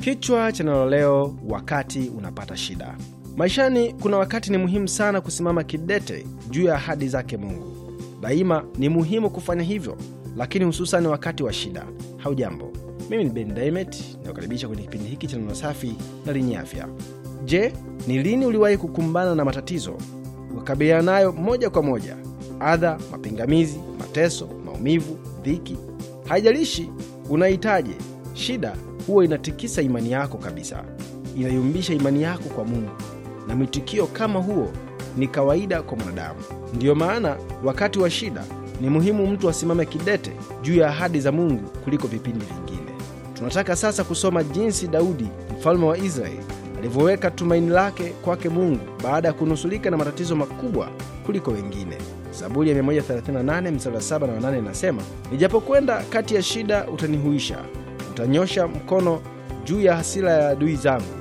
Kichwa cha neno leo, wakati unapata shida. Maishani kuna wakati ni muhimu sana kusimama kidete juu ya ahadi zake Mungu. Daima ni muhimu kufanya hivyo, lakini hususan wakati wa shida. Haujambo, mimi ni Ben Dimet, nakukaribisha kwenye kipindi hiki cha neno safi na lenye afya. Je, ni lini uliwahi kukumbana na matatizo ukakabiliana nayo moja kwa moja? Adha, mapingamizi, mateso, maumivu, dhiki, haijalishi unahitaje shida huwa inatikisa imani yako kabisa, inayumbisha imani yako kwa Mungu, na mwitikio kama huo ni kawaida kwa mwanadamu. Ndiyo maana wakati wa shida ni muhimu mtu asimame kidete juu ya ahadi za Mungu kuliko vipindi vingine. Tunataka sasa kusoma jinsi Daudi mfalme wa Israeli alivyoweka tumaini lake kwake Mungu baada ya kunusulika na matatizo makubwa kuliko wengine. Zaburi ya 138 mstari wa 7 na 8 inasema, nijapokwenda kati ya shida, utanihuisha utanyosha mkono juu ya hasira ya adui zangu,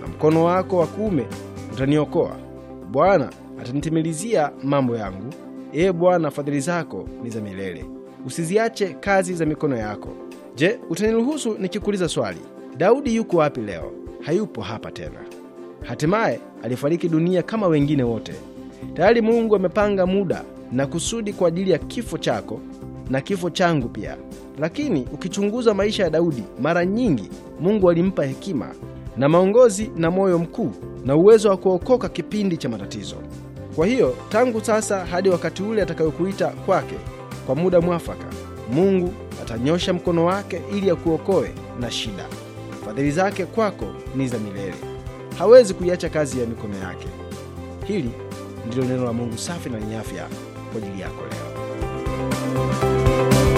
na mkono wako wa kuume utaniokoa. Bwana atanitimilizia mambo yangu. Ee Bwana, fadhili zako ni za milele, usiziache kazi za mikono yako. Je, utaniruhusu nikikuuliza swali? Daudi yuko wapi leo? Hayupo hapa tena. Hatimaye alifariki dunia kama wengine wote. Tayari Mungu amepanga muda na kusudi kwa ajili ya kifo chako na kifo changu pia. Lakini ukichunguza maisha ya Daudi, mara nyingi Mungu alimpa hekima na maongozi na moyo mkuu na uwezo wa kuokoka kipindi cha matatizo. Kwa hiyo tangu sasa hadi wakati ule atakayokuita kwake kwa muda mwafaka, Mungu atanyosha mkono wake ili akuokoe na shida. Fadhili zake kwako ni za milele, hawezi kuiacha kazi ya mikono yake. Hili ndilo neno la Mungu safi na lenye afya kwa ajili yako leo. Música